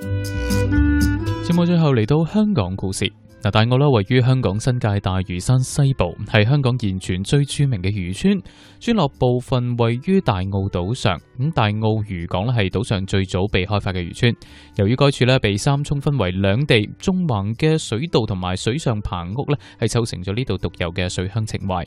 節目最後嚟到香港故事嗱，大澳位於香港新界大嶼山西部，係香港現存最著名嘅漁村。村落部分位於大澳島上，咁大澳漁港咧係島上最早被開發嘅漁村。由於該處被三涌分為兩地，縱橫嘅水道同埋水上棚屋咧係湊成咗呢度獨有嘅水鄉情懷。